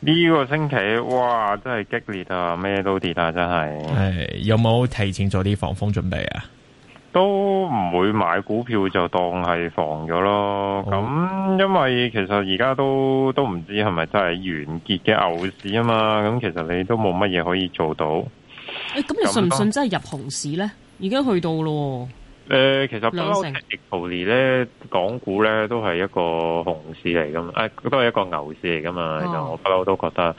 呢個星期哇，真係激烈啊，咩都跌啊，真係。係有冇提前做啲防風準備啊？都唔會買股票就當係防咗咯。咁、哦、因為其實而家都都唔知係咪真係完結嘅牛市啊嘛。咁其實你都冇乜嘢可以做到。誒，咁你信唔信真係入熊市咧？而家去到咯。誒、呃，其實不嬲，咧，港股咧都係一個熊市嚟噶，誒、哎，都係一個牛市嚟噶嘛，其、哦、我不嬲都覺得，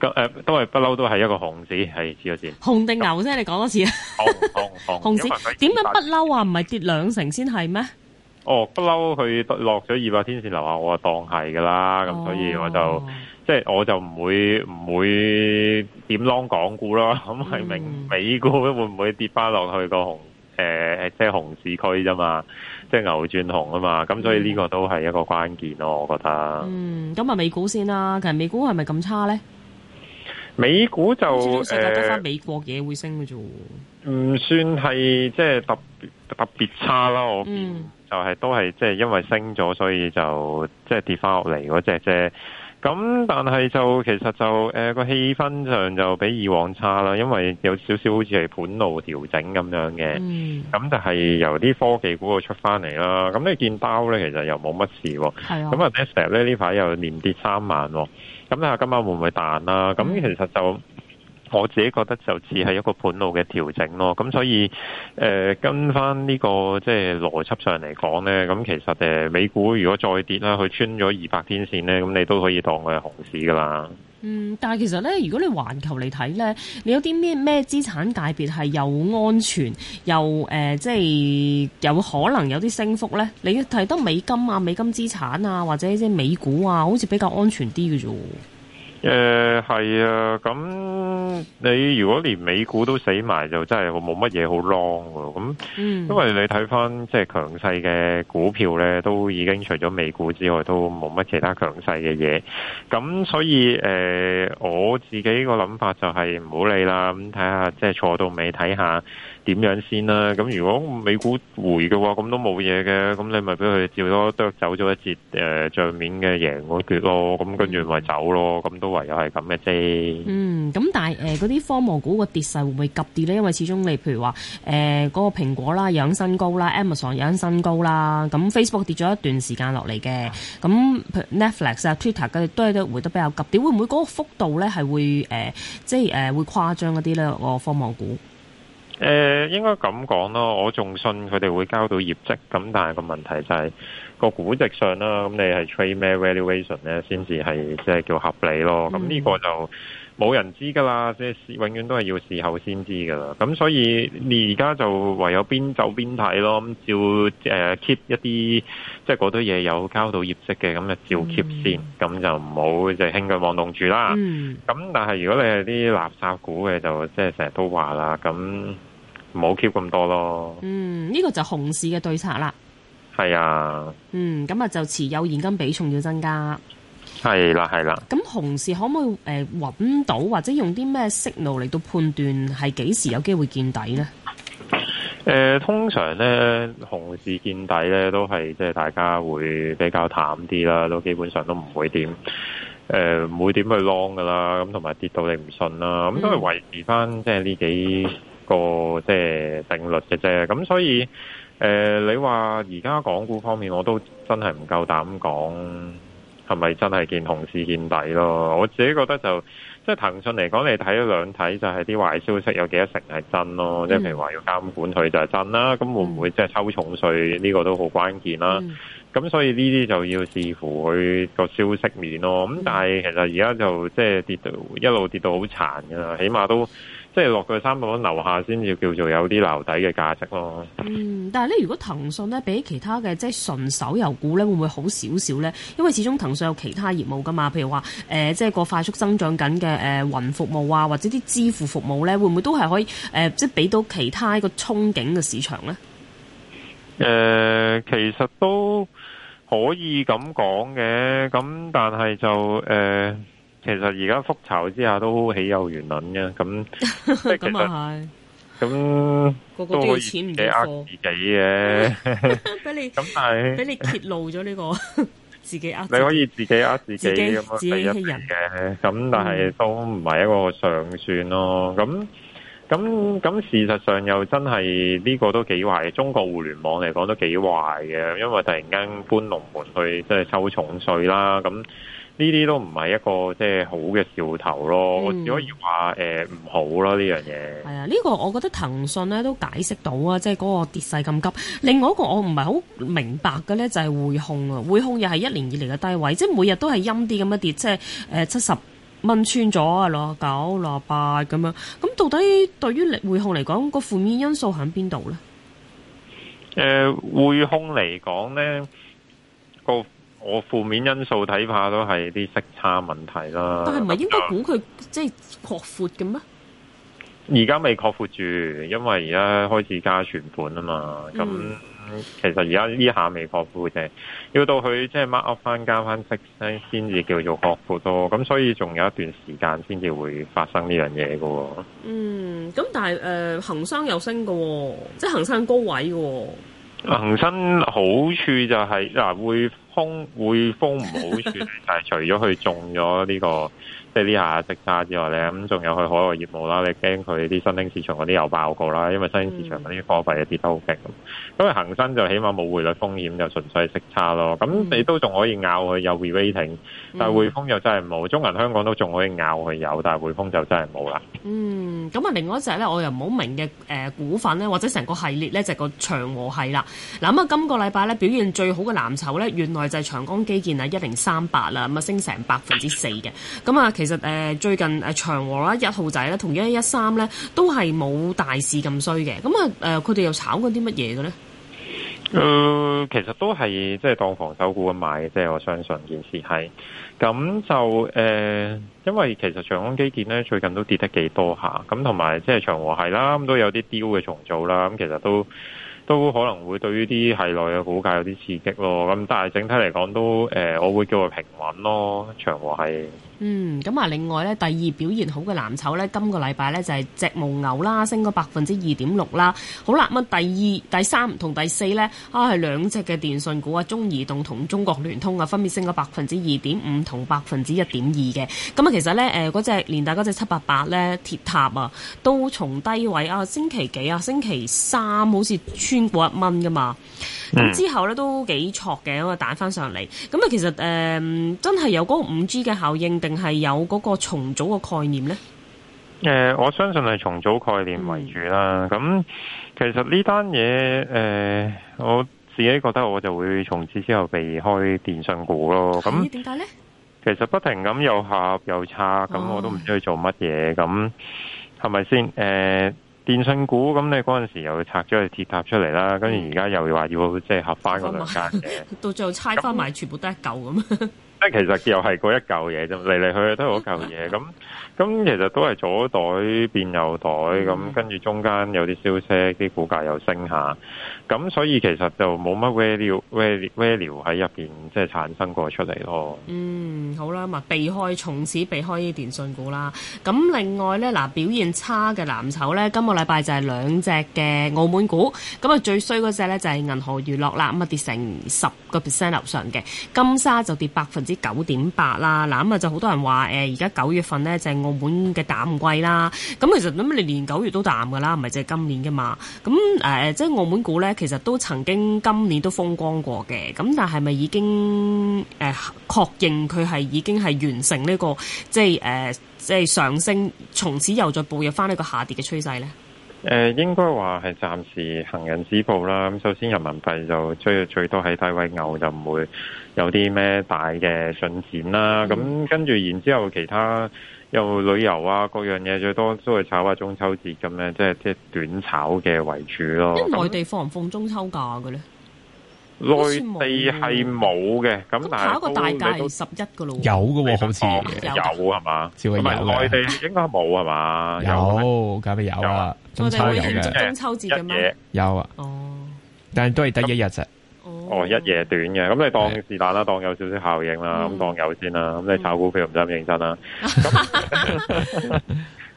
咁、呃、誒，都係不嬲都係一個熊市，係咗先。熊定牛啫，嗯、你講多次啊。點解 不嬲話唔係跌兩成先係咩？哦，不嬲，佢落咗二百天線樓下，我啊當係噶啦，咁、哦、所以我就即係、就是、我就唔會唔會點 long 港股咯，咁係明美股、嗯、會唔會跌翻落去個熊？誒，即係、就是、熊市區啫嘛，即係牛轉熊啊嘛，咁所以呢個都係一個關鍵咯，我覺得嗯。嗯，咁啊，美股先啦，其實美股係咪咁差咧？美股就誒，美，股美國嘢會升嘅啫、呃。唔算係即係特別特別差啦，我見、嗯、就係都係即係因為升咗，所以就即係跌翻落嚟嗰隻啫。就是咁但係就其實就誒個、呃、氣氛上就比以往差啦，因為有少少好似係盤路調整咁樣嘅。咁、嗯、就係由啲科技股度出翻嚟啦。咁你見包咧，其實又冇乜事喎。係啊。咁啊，ASAP 咧呢排又連跌三萬喎。咁你話，今晚會唔會彈啦、啊？咁、嗯、其實就～我自己覺得就只係一個盤路嘅調整咯，咁所以誒、呃、跟翻呢、這個即係邏輯上嚟講呢，咁其實誒美股如果再跌啦，佢穿咗二百天線呢，咁你都可以當佢係熊市噶啦。嗯，但係其實呢，如果你環球嚟睇呢，你有啲咩咩資產界別係又安全又誒、呃，即係有可能有啲升幅呢？你睇得美金啊、美金資產啊，或者即係美股啊，好似比較安全啲嘅啫。誒，係、呃、啊，咁你如果連美股都死埋，就真係冇乜嘢好 long 咁，因為你睇翻即係強勢嘅股票呢，都已經除咗美股之外，都冇乜其他強勢嘅嘢。咁所以誒、呃，我自己個諗法就係唔好理啦，咁睇下即係錯到尾睇下。點樣先啦、啊？咁如果美股回嘅話，咁都冇嘢嘅。咁你咪俾佢照咗剁走咗一節誒賬面嘅贏嗰橛咯。咁跟住咪走咯。咁都唯有係咁嘅啫。嗯，咁但係誒嗰啲科網股個跌勢會唔會急跌咧？因為始終你譬如話誒嗰個蘋果啦，有新高啦，Amazon 有新高啦。咁 Facebook 跌咗一段時間落嚟嘅。咁 Netflix 啊，Twitter 佢都係都回得比較急跌。會唔會嗰個幅度咧係會誒、呃、即係誒、呃、會誇張啲咧？個科網股？誒、呃、應該咁講咯，我仲信佢哋會交到業績，咁但係個問題就係、是、個估值上啦，咁你係 trade 咩 valuation 咧，先至係即係叫合理咯。咁呢、嗯、個就冇人知㗎啦，即係永遠都係要事後先知㗎啦。咁所以你而家就唯有邊走邊睇咯，咁照、呃、keep 一啲即係嗰堆嘢有交到業績嘅，咁就照 keep 先，咁、嗯、就唔好就輕舉妄動住啦。咁、嗯、但係如果你係啲垃圾股嘅，就即係成日都話啦，咁。唔好 keep 咁多咯。嗯，呢、這個就是熊市嘅對策啦。係啊。嗯，咁啊就持有現金比重要增加。係啦，係啦。咁熊市可唔可以誒揾、呃、到或者用啲咩 signal 嚟到判斷係幾時有機會見底咧？誒、呃，通常咧熊市見底咧都係即係大家會比較淡啲啦，都基本上都唔會點誒唔會點去 long 噶啦，咁同埋跌到你唔信啦，咁都係維持翻即係呢幾。個即係定律嘅啫，咁所以誒、呃，你話而家港股方面，我都真係唔夠膽講係咪真係見熊市見底咯？我自己覺得就即係騰訊嚟講，你睇兩睇就係、是、啲壞消息有幾多成係真咯？即係、嗯、譬如話要監管佢就係真啦，咁會唔會即係抽重稅呢個都好關鍵啦。咁、嗯、所以呢啲就要視乎佢個消息面咯。咁但係其實而家就即係跌到一路跌到好殘㗎啦，起碼都。即係落去三百蚊樓下，先要叫做有啲樓底嘅價值咯。嗯，但係咧，如果騰訊咧比，其他嘅即係純手遊股咧，會唔會好少少咧？因為始終騰訊有其他業務噶嘛，譬如話誒，即係個快速增長緊嘅誒雲服務啊，或者啲支付服務咧，會唔會都係可以誒，即係俾到其他一個憧憬嘅市場咧？誒、呃，其實都可以咁講嘅，咁但係就誒。呃其實而家覆巢之下都豈有完卵嘅，咁即係其實咁個個都要錢唔止，自己嘅，俾你咁但係俾你揭露咗呢個自己，你可以自己呃自己咁樣自欺欺人嘅，咁但係都唔係一個上算咯。咁咁咁事實上又真係呢個都幾壞，中國互聯網嚟講都幾壞嘅，因為突然間搬龍門去即係抽重稅啦，咁。呢啲都唔係一個即係好嘅兆頭咯，嗯、我只可以話誒唔好咯呢、嗯、樣嘢。係啊，呢、這個我覺得騰訊咧都解釋到啊，即係嗰個跌勢咁急。另外一個我唔係好明白嘅咧就係、是、匯控啊，匯控又係一年以嚟嘅低位，即係每日都係陰啲咁一點跌，即係誒七十蚊穿咗啊，六啊九、六啊八咁樣。咁到底對於匯控嚟講，個負面因素喺邊度咧？誒、呃，匯控嚟講咧個。我負面因素睇怕都係啲息差問題啦。但係唔係應該估佢即係擴闊嘅咩？而家未擴闊住，因為而家開始加存款啊嘛。咁、嗯、其實而家呢下未擴闊啫，要到佢即係 mark up 翻加翻息先先至叫做擴闊囉。咁所以仲有一段時間先至會發生呢樣嘢嘅。嗯，咁但係誒，恒、呃、生有升嘅、哦，即係恒生高位嘅、哦。恒生好處就係、是、嗱、啊、會。空匯豐唔好算，但係 除咗佢中咗呢、這個。即係啲下息差之外咧，咁、嗯、仲有去海外業務啦。你驚佢啲新興市場嗰啲有爆過啦，因為新興市場嗰啲貨幣嘅跌得好勁。咁啊，恒生就起碼冇匯率風險，就純粹息差咯。咁、嗯、你都仲可以咬佢有 re-rating，但係匯豐又真係冇。中銀香港都仲可以咬佢有，但係匯豐就真係冇啦。嗯，咁啊，另外一隻咧，我又唔好明嘅誒股份咧，或者成個系列咧，就個長和系啦。嗱咁啊，今個禮拜咧表現最好嘅藍籌咧，原來就係長江基建啊，一零三八啦，咁啊升成百分之四嘅。咁啊.， 其實誒、呃，最近誒、呃、長和啦、一號仔同一一三咧，都係冇大市咁衰嘅。咁啊誒，佢、呃、哋又炒緊啲乜嘢嘅咧？誒、呃，其實都係即係當防守股咁買嘅，即係我相信件事係。咁就誒、呃，因為其實長江基建咧最近都跌得幾多下，咁同埋即係長和系啦，咁都有啲 deal 嘅重組啦。咁其實都都可能會對於啲系內嘅股價有啲刺激咯。咁但係整體嚟講都誒、呃，我會叫佢平穩咯。長和系。嗯，咁啊，另外咧，第二表現好嘅藍籌咧，今個禮拜咧就係、是、隻蒙牛啦，升咗百分之二點六啦。好啦，咁第二、第三同第四咧啊，係兩隻嘅電信股啊，中移動同中國聯通啊，分別升咗百分之二點五同百分之一點二嘅。咁啊、嗯，其實咧嗰隻連帶嗰隻七八八咧，鐵塔啊，都從低位啊，星期幾啊，星期三好似穿過一蚊噶嘛。咁、嗯、之後咧都幾挫嘅，咁啊，彈翻上嚟。咁、嗯、啊，其實誒、嗯，真係有嗰五 G 嘅效應定？定係有嗰個重組嘅概念呢？誒、呃，我相信係重組概念為主啦。咁、嗯、其實呢單嘢誒，我自己覺得我就會從此之後避開電信股咯。咁點解呢？那呢其實不停咁又合又拆，咁我都唔知去做乜嘢。咁係咪先？誒、呃，電信股咁你嗰陣時候又拆咗去鐵塔出嚟啦，跟住而家又話要即係合翻嗰間嘅， 到最後拆翻埋，那全部都係一舊咁。 即其實又係嗰一嚿嘢啫，嚟嚟去去都係嗰嚿嘢。咁咁 其實都係左袋變右袋，咁跟住中間有啲消息，啲股價又升下。咁所以其實就冇乜 value 喺入邊，即係產生過出嚟咯。嗯，好啦，咪避開，從此避開啲電訊股啦。咁另外呢，嗱、呃，表現差嘅藍籌呢，今個禮拜就係兩隻嘅澳門股。咁啊，最衰嗰隻呢，就係銀河娛樂啦，咁啊跌成十個 percent 樓上嘅，金沙就跌百分之九點八啦，嗱，咁啊就好多人話誒，而家九月份咧就係澳門嘅淡季啦。咁其實咁你連九月都淡噶啦，唔係只係今年嘅嘛。咁誒，即係澳門股咧，其實都曾經今年都風光過嘅。咁但係咪已經誒確認佢係已經係完成呢個即係誒即係上升，從此又再步入翻呢個下跌嘅趨勢咧？誒，應該話係暫時行人止步啦。咁首先人民幣就追最多係低位牛，就唔會。有啲咩大嘅進展啦，咁跟住然之後其他又旅遊啊，各樣嘢最多都係炒下中秋節咁樣，即係即係短炒嘅為主咯。內地放唔放中秋假嘅咧？內地係冇嘅，咁下一個大假係十一個咯，有嘅好似有係嘛？唔係內地應該冇係嘛？有假咩有啊？內地會中秋節嘅咩？有啊，哦，但係都係得一日啫。哦，一夜短嘅，咁你當是但啦，當有少少效應啦，咁當有先啦，咁你炒股票唔使咁認真啦。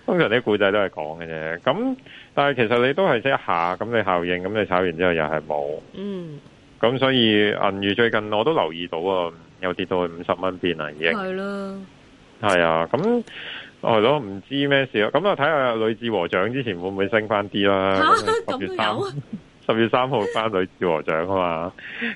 通常啲古仔都係講嘅啫，咁但係其實你都係識一下，咁你效應，咁你炒完之後又係冇。嗯，咁所以銀娛最近我都留意到啊，又跌到去五十蚊邊啦，已經係啦，係啊，咁係咯，唔知咩事咯，咁啊睇下呂志和獎之前會唔會升翻啲啦？吓，咁都有。 十月三號返去照和尚啊嘛，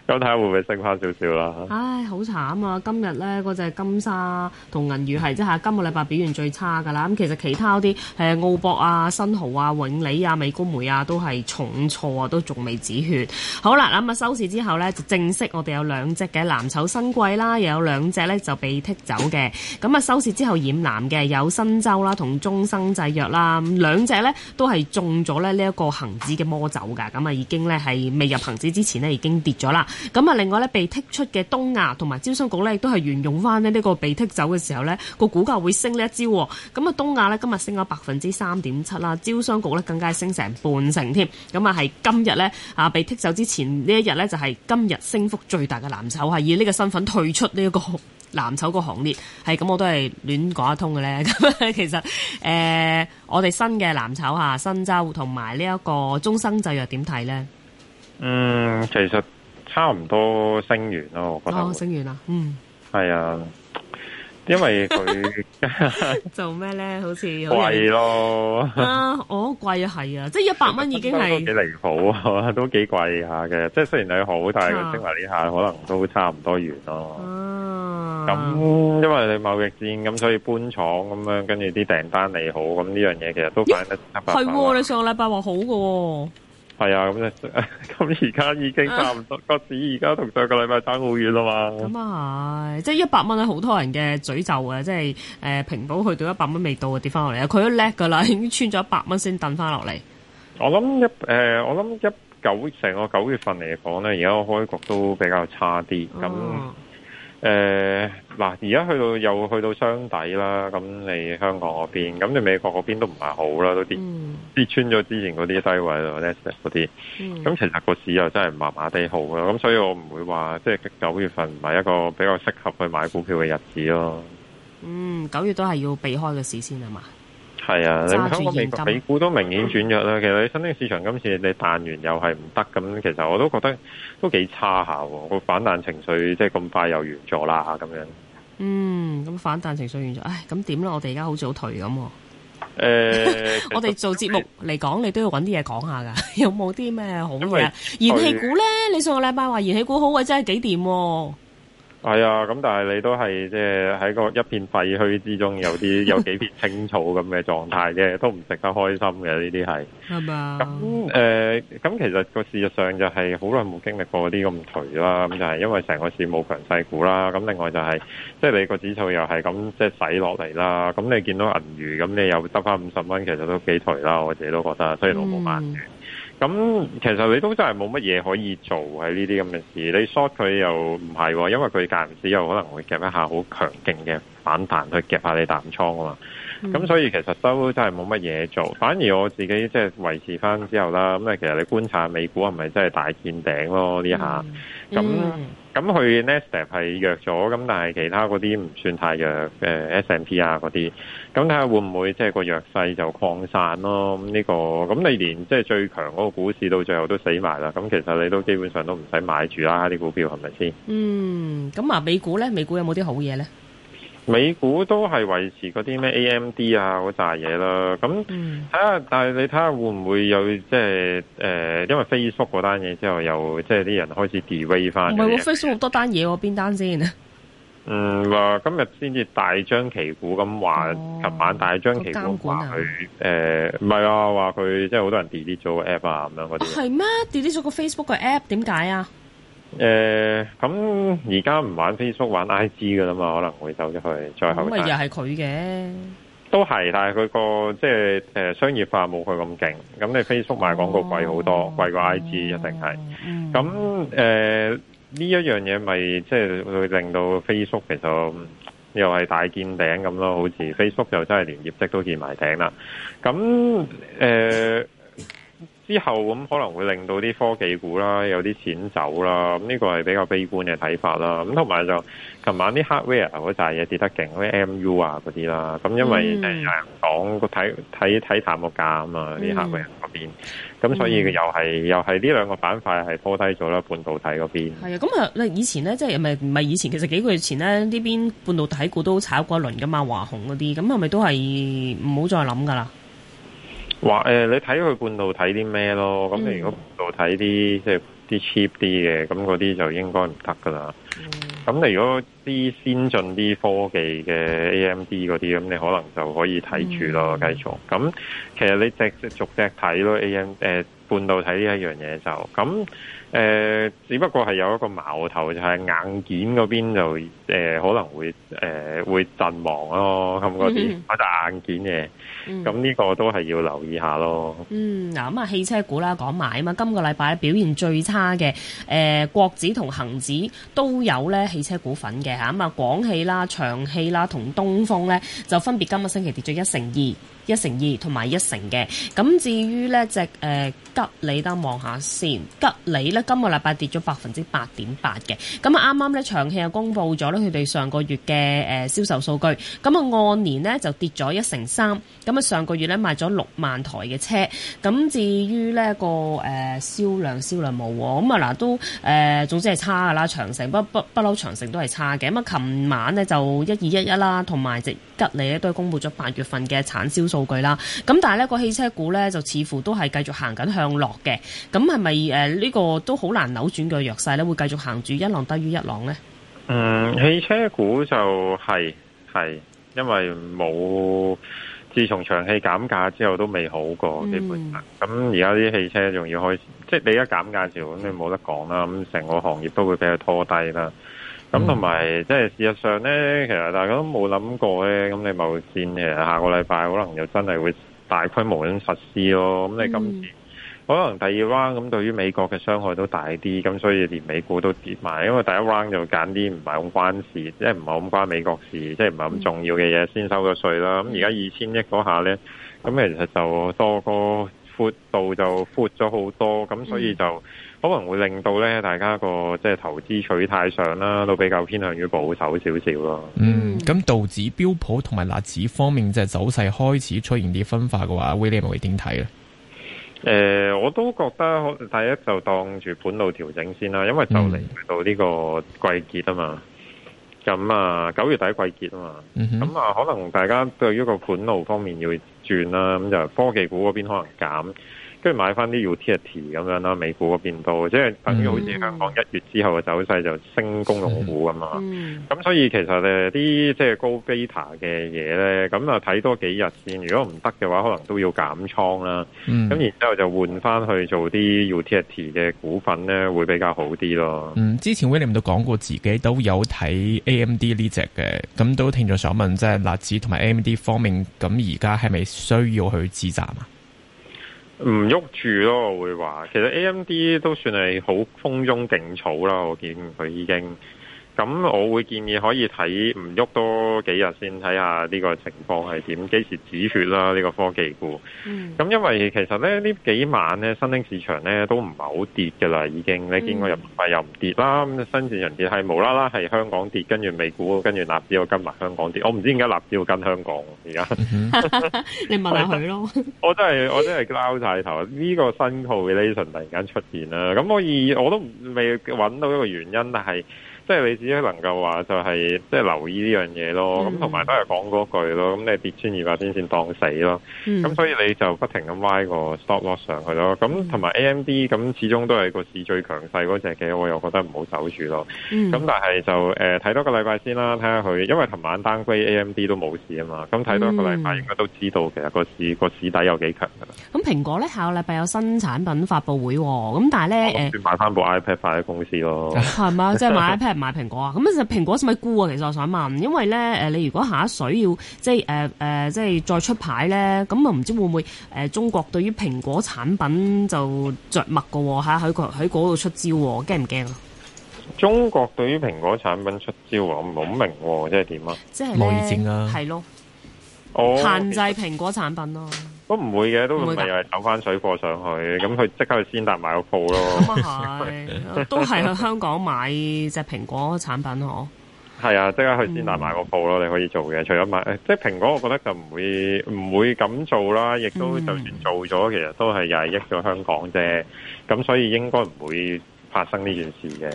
咁睇下會唔會升翻少少啦？唉，好慘啊！今日咧嗰隻金沙同銀娛係即係今個禮拜表現最差噶啦。咁其實其他啲誒澳博啊、新濠啊、永利啊、美高梅啊都係重挫啊，都仲未止血。好啦，咁、嗯、啊收市之後咧就正式我哋有兩隻嘅藍籌新貴啦，又有兩隻咧就被剔走嘅。咁、嗯、啊收市之後染藍嘅有申洲啦同中生製藥啦，兩隻咧都係中咗咧呢一個恆指嘅魔咒㗎。咁、嗯、啊～已經咧係未入恒指之前咧已經跌咗啦，咁啊另外咧被剔出嘅東亞同埋招商局咧亦都係沿用翻咧呢個被剔走嘅時候呢個股價會升呢一招，咁啊東亞咧今日升咗百分之三點七啦，招商局咧更加升成半成添，咁啊係今日呢，啊被剔走之前呢一日呢就係今日升幅最大嘅藍籌，係以呢個身份退出呢、這、一個。藍籌個行列係咁，是那我都係亂講一通嘅咧。咁其實誒，我哋新嘅藍籌吓，新洲同埋呢一個中生製藥點睇咧？嗯，其實、呃嗯、其實差唔多升完咯，我覺得、哦、升完啦。嗯，係啊，因為佢做咩咧？好似貴 咯 啊！我貴啊，係啊，即係一百蚊已經係幾離譜啊，都幾貴下嘅。即係雖然係好，啊、但係佢升埋呢下，可能都差唔多完咯、啊。嗯咁、嗯，因為你貿易戰咁，所以搬廠咁樣，跟住啲訂單你好，咁呢樣嘢其實都反映得七八。係喎、欸哦，你上個禮拜話好㗎喎。係啊，咁咧，咁而家已經差唔多個市，而家同上個禮拜爭好遠喇嘛。咁啊係，即係一百蚊係好多人嘅詛咒啊！即係平保去到一百蚊未到啊，跌翻落嚟啊！佢都叻㗎喇，已經穿咗一百蚊先跌翻落嚟。我諗一我諗一九成個九月份嚟講咧，而家開局都比較差啲咁。誒，嗱、呃，而家去到又去到箱底啦，咁你香港嗰邊，咁你美國嗰邊都唔係好啦，都跌跌穿咗之前嗰啲低位，或者嗰啲，咁其實個市又真係麻麻地好啦，咁所以我唔會話即係九月份唔係一個比較適合去買股票嘅日子咯。嗯，九月都係要避開個市先係嘛？係啊，你睇下個美股都明顯轉弱啦。嗯、其實你新興市場今次你彈完又係唔得咁，其實我都覺得都幾差下。個反彈情緒即係咁快又完咗啦，吓咁樣。嗯，咁反彈情緒完咗，唉，咁點咧？我哋而家好早退咁。誒、欸， 我哋做節目嚟講，為你都要揾啲嘢講下噶。有冇啲咩好嘅燃氣股咧？你上個禮拜話燃氣股好，真係幾掂。係啊，咁但係你都係即係喺個一片廢墟之中，有啲有幾片青草咁嘅狀態啫， 都唔值得開心嘅呢啲係。係嘛？咁誒吧，咁、呃、其實個事實上就係好耐冇經歷過啲咁頹啦，咁就係因為成個市冇強勢股啦。咁另外就係即係你個指數又係咁即係洗落嚟啦。咁你見到銀娛，咁你又得翻五十蚊，其實都幾頹啦。我自己都覺得，雖然我冇慢嘅。嗯咁其實你都真係冇乜嘢可以做喺呢啲咁嘅事，你 short 佢又唔係、哦，因為佢間唔時又可能會夾一下好強勁嘅反彈去夾下你淡倉啊嘛，咁、嗯、所以其實都真係冇乜嘢做，反而我自己即係維持翻之後啦，咁其實你觀察美股係咪真係大見頂咯呢下，咁。咁佢 next step 係弱咗，咁但係其他嗰啲唔算太弱、呃、S&P 啊嗰啲，咁睇下會唔會即係、就是、個弱勢就擴散咯？咁、這、呢個，咁你連即係、就是、最強嗰個股市到最後都死埋啦，咁其實你都基本上都唔使買住啦啲股票係咪先？嗯，咁啊美股咧，美股有冇啲好嘢咧？美股都係維持嗰啲咩 AMD 啊嗰扎嘢啦，咁睇下。嗯、但係你睇下會唔會有即係誒，因為 Facebook 嗰單嘢之後有，又即係啲人開始 d e v e r 翻。唔係 Facebook 好多單嘢喎、啊，邊單先嗯話、呃、今日先至大張旗鼓咁話，琴、哦、晚大張旗鼓話佢誒唔係啊，話佢、呃啊、即係好多人 delete 咗個 app 啊咁樣嗰啲。係咩？delete 咗個 Facebook、哦、個的 app 點解啊？誒，咁而家唔玩 Facebook，玩 IG 噶啦嘛，可能會走咗去。再好，咁又係佢嘅，都係，但係佢個即係誒商業化冇佢咁勁。咁你 Facebook 賣廣告貴好多，貴、哦、過 IG 一定係。咁誒呢一樣嘢咪即係會令到 Facebook 其實又係大見頂咁咯，好似 Facebook 就真係連業績都見埋頂啦。咁誒。呃之後咁可能會令到啲科技股啦，有啲錢走啦，咁呢個係比較悲觀嘅睇法啦。咁同埋就琴晚啲 hardware 嗰扎嘢跌得勁，咩 MU 啊嗰啲啦，咁因為誒有人講個睇睇睇淡個價啊嘛，啲 hardware 嗰邊，咁、嗯、所以又係、嗯、又係呢兩個板塊係拖低咗啦，半導體嗰邊。係啊，咁啊，你以前咧，即係咪唔係以前？其實幾個月前咧，呢邊半導體股都炒過一輪噶嘛，華虹嗰啲，咁係咪都係唔好再諗㗎啦？話誒、呃，你睇佢半導體啲咩咯？咁你如果半導體啲、嗯、即係啲 cheap 啲嘅，咁嗰啲就應該唔得噶啦。咁、嗯、你如果啲先進啲科技嘅 AMD 嗰啲，咁你可能就可以睇住咯，繼續。咁其實你只即係逐隻睇咯，誒、呃。半導體呢一樣嘢就咁誒、呃，只不過係有一個矛頭，就係、係、硬件嗰邊就誒、呃、可能會誒、呃、會陣亡咯，咁嗰啲硬件嘅，咁呢個都係要留意下咯。嗯，嗱咁啊，汽車股啦講埋啊嘛，今個禮拜表現最差嘅誒、呃、國指同恒指都有咧汽車股份嘅嚇，咁啊廣汽啦、長汽啦同東風咧就分別今個星期跌咗一成二、一成二同埋一成嘅。咁至於咧隻吉利得望下先，吉利呢今個禮拜跌咗百分之八點八嘅，咁啊啱啱呢，長城又公布咗咧佢哋上個月嘅誒銷售數據，咁、嗯、啊按年呢，就跌咗一成三、嗯，咁啊上個月呢，賣咗六萬台嘅車，咁、嗯、至於呢個誒銷、呃、量銷量冇喎，咁啊嗱都誒、呃、總之係差噶啦，長城不不不嬲長城都係差嘅，咁啊琴晚呢，就一二一一啦，同埋隻吉利呢，都係公布咗八月份嘅產銷數據啦，咁、嗯、但係呢個汽車股呢，就似乎都係繼續行緊向，落嘅，咁係咪誒呢個都好難扭轉個弱勢咧？會繼續行住一浪低於一浪咧？嗯，汽車股就係、是、係，因為冇自從長期減價之後都未好過、嗯、基本咁而家啲汽車仲要開始，即、就、係、是、你一減價潮，咁、嗯、你冇得講啦，咁成個行業都會畀佢拖低啦。咁同埋即係事實上咧，其實大家都冇諗過咧，咁你冇綫嘅下個禮拜可能又真係會大規模咁實施咯，咁你今次、嗯。可能第二 round 咁，對於美國嘅傷害都大啲，咁所以連美股都跌埋。因為第一 round 就揀啲唔係咁關事，即係唔係咁關美國事，即係唔係咁重要嘅嘢先收咗稅啦。咁而家二千億嗰下咧，咁其實就多個闊度就闊咗好多，咁所以就可能會令到咧大家個即係投資取態上啦，都比較偏向於保守少少咯。嗯，咁道指、標普同埋納指方面即係走勢開始出現啲分化嘅話，William 會點睇咧？誒、呃，我都覺得第一就當住盤路調整先啦，因為就嚟到呢個季節啊嘛，咁啊九月底季節啊嘛，咁啊可能大家對於個盤路方面要轉啦，咁就科技股嗰邊可能減。跟住買翻啲 utility 咁樣啦，美股嗰邊多，即係等於好似香港一月之後嘅走勢就升公用股咁嘛。咁、嗯嗯、所以其實咧啲即係高 beta 嘅嘢咧，咁啊睇多幾日先。如果唔得嘅話，可能都要減倉啦。咁、嗯、然之後就換翻去做啲 utility 嘅股份咧，會比較好啲咯。嗯，之前 William 都講過自己都有睇 AMD 呢隻嘅，咁都聽咗想問，即係納指同埋 AMD 方面，咁而家係咪需要去支撐啊？唔喐住咯，我會話，其實 AMD 都算係好風中勁草啦，我見佢已經。咁，我會建議可以睇唔喐多幾日先，睇下呢個情況係點，幾時止血啦？呢、呢個科技股咁，嗯、因為其實咧呢幾晚咧，新興市場咧都唔係好跌㗎啦。已經呢，見過又唔入、嗯、又唔跌啦咁，新興市場跌係無啦啦係香港跌，跟住美股跟住納指又跟埋香港跌。我唔知點解納指要跟香港而、啊、家。你問下佢咯 我。我真係我真係撈晒頭，呢、呢個新嘅 relation 突然間出現啦。咁我而我都未搵到一個原因，係。即係你自己能夠話就係、是、即係留意呢樣嘢咯，咁同埋都係講嗰句咯，咁你跌穿二百天線當死咯，咁、嗯、所以你就不停咁歪個 stop loss 上去咯，咁同埋 AMD 咁始終都係個市最強勢嗰隻嘅，我又覺得唔好守住咯，咁、嗯、但係就誒睇、呃、多個禮拜先啦，睇下佢，因為琴晚單飛 AMD 都冇事啊嘛，咁睇多個禮拜應該都知道其實個市個市底有幾強噶啦。咁蘋果咧下個禮拜有新產品發布會喎，咁但係咧誒買翻部 iPad 擺喺公司咯，係咪啊？ 即係買 iPad。 買蘋果啊，咁啊，蘋果係咪沽啊？其實我想問，因為咧，誒、呃，你如果下一水要即係，誒，誒，即係、呃呃、再出牌咧，咁啊，唔知會唔會誒、呃，中國對於蘋果產品就着墨個吓喺個喺嗰度出招，驚唔驚啊？怕怕啊中國對於蘋果產品出招，我唔係好明，即係點啊？即係貿易戰啊？係、啊、咯，oh, 限制蘋果產品咯。都唔會嘅，都唔係又係走翻水貨上去，咁佢即刻去先達買個鋪咯。咁係， 都係去香港買隻蘋果產品囉。係 啊，即刻去先達買個鋪咯，嗯、你可以做嘅。除咗買、欸，即蘋果，我覺得就唔會唔、嗯、會咁做啦。亦都就算做咗，嗯、其實都係又係益咗香港啫。咁所以應該唔會發生呢件事嘅。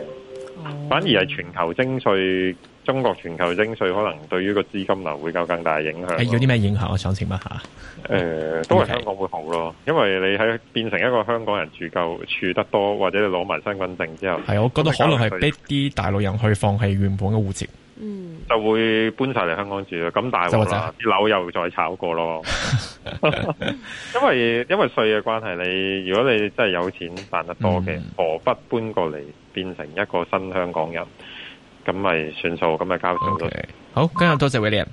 哦、反而係全球徵稅中國全球徵稅可能對於個資金流會有更大影響。誒、哎，有啲咩影響我想請問一下。誒、呃，都係香港會好咯，Okay. 因為你喺變成一個香港人住夠、住得多，或者你攞埋身份證之後。係，我覺得可能係逼啲大陸人去放棄原本嘅戶籍。嗯，就會搬晒嚟香港住，咁大鑊啦，啲者樓又再炒過咯。 因為因為稅嘅關係，你如果你真係有錢賺得多嘅，嗯、何不搬過嚟變成一個新香港人？咁咪算數，咁咪交數咯。Okay. 好，今日多謝 William。